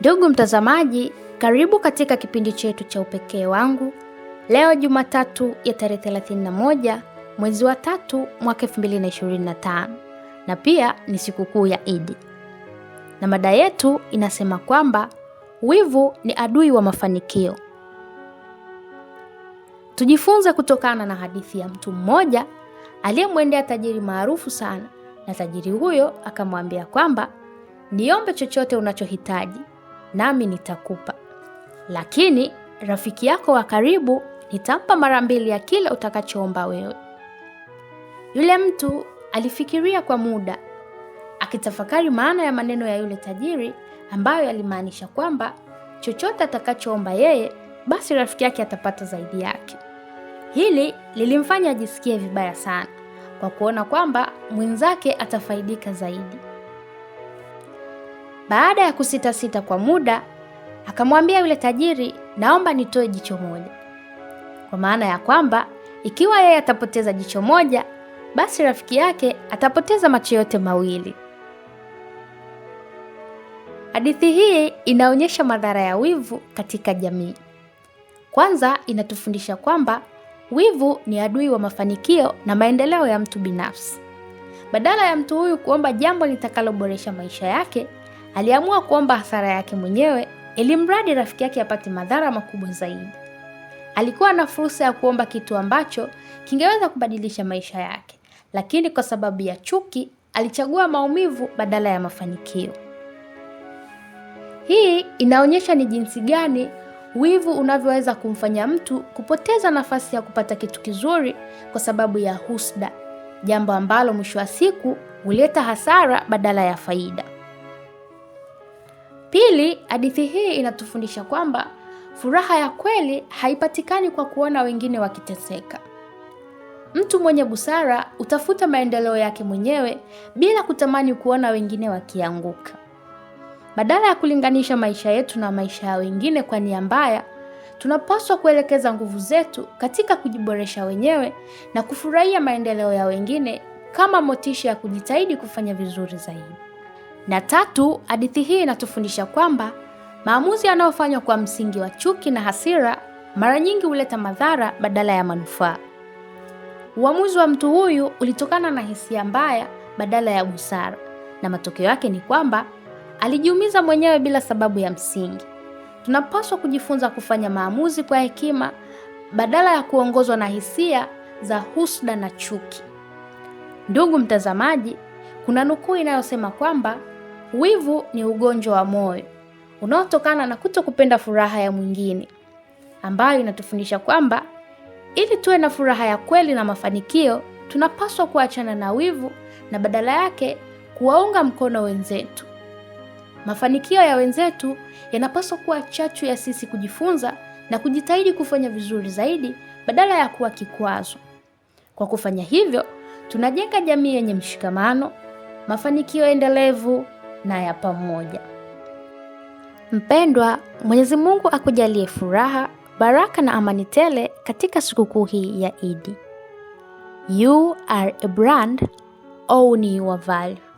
Ndugu mtazamaji, karibu katika kipindi chetu cha Upekee wangu leo Jumatatu ya tarehe 31 mwezi wa tatu mwaka 2025 na pia ni sikukuu ya Idi, na mada yetu inasema kwamba wivu ni adui wa mafanikio. Tujifunze kutokana na hadithi ya mtu mmoja aliyemwendea tajiri maarufu sana, na tajiri huyo akamwambia kwamba niombe chochote unachohitaji nami nitakupa, lakini rafiki yako wa karibu nitampa mara mbili ya kile utakachoomba wewe. Yule mtu alifikiria kwa muda akitafakari maana ya maneno ya yule tajiri ambayo yalimaanisha kwamba chochote atakachoomba yeye basi rafiki yake atapata zaidi yake. Hili lilimfanya ajisikie vibaya sana kwa kuona kwamba mwenzake atafaidika zaidi. Baada ya kusitasita kwa muda, akamwambia yule tajiri, naomba nitoe jicho moja, kwa maana ya kwamba ikiwa yeye atapoteza jicho moja, basi rafiki yake atapoteza macho yote mawili. Hadithi hii inaonyesha madhara ya wivu katika jamii. Kwanza, inatufundisha kwamba wivu ni adui wa mafanikio na maendeleo ya mtu binafsi. Badala ya mtu huyu kuomba jambo litakaloboresha maisha yake, aliamua kuomba hasara yake mwenyewe ili mradi rafiki yake apate madhara makubwa zaidi. Alikuwa na fursa ya kuomba kitu ambacho kingeweza kubadilisha maisha yake, lakini kwa sababu ya chuki alichagua maumivu badala ya mafanikio. Hii inaonyesha ni jinsi gani wivu unavyoweza kumfanya mtu kupoteza nafasi ya kupata kitu kizuri kwa sababu ya husda, jambo ambalo mwisho wa siku huleta hasara badala ya faida. Pili, hadithi hii inatufundisha kwamba furaha ya kweli haipatikani kwa kuona wengine wakiteseka. Mtu mwenye busara utafuta maendeleo yake mwenyewe bila kutamani kuona wengine wakianguka. Badala ya kulinganisha maisha yetu na maisha ya wengine kwa nia mbaya, tunapaswa kuelekeza nguvu zetu katika kujiboresha wenyewe na kufurahia maendeleo ya wengine kama motisha ya kujitahidi kufanya vizuri zaidi. Na tatu, hadithi hii inatufundisha kwamba maamuzi yanayofanywa kwa msingi wa chuki na hasira mara nyingi huleta madhara badala ya manufaa. Uamuzi wa mtu huyu ulitokana na hisia mbaya badala ya busara, na matokeo yake ni kwamba alijiumiza mwenyewe bila sababu ya msingi. Tunapaswa kujifunza kufanya maamuzi kwa hekima badala ya kuongozwa na hisia za husda na chuki. Ndugu mtazamaji, kuna nukuu inayosema kwamba Wivu ni ugonjwa wa moyo unaotokana na kutokupenda furaha ya mwingine, ambayo inatufundisha kwamba ili tuwe na furaha ya kweli na mafanikio, tunapaswa kuachana na wivu na badala yake kuwaunga mkono wenzetu. Mafanikio ya wenzetu yanapaswa kuwa chachu ya sisi kujifunza na kujitahidi kufanya vizuri zaidi badala ya kuwa kikwazo. Kwa kufanya hivyo, tunajenga jamii yenye mshikamano, mafanikio endelevu na ya pamoja. Mpendwa, Mwenyezi Mungu akujalie furaha, baraka na amani tele katika sikukuu hii ya Idi. You are a brand, own your value.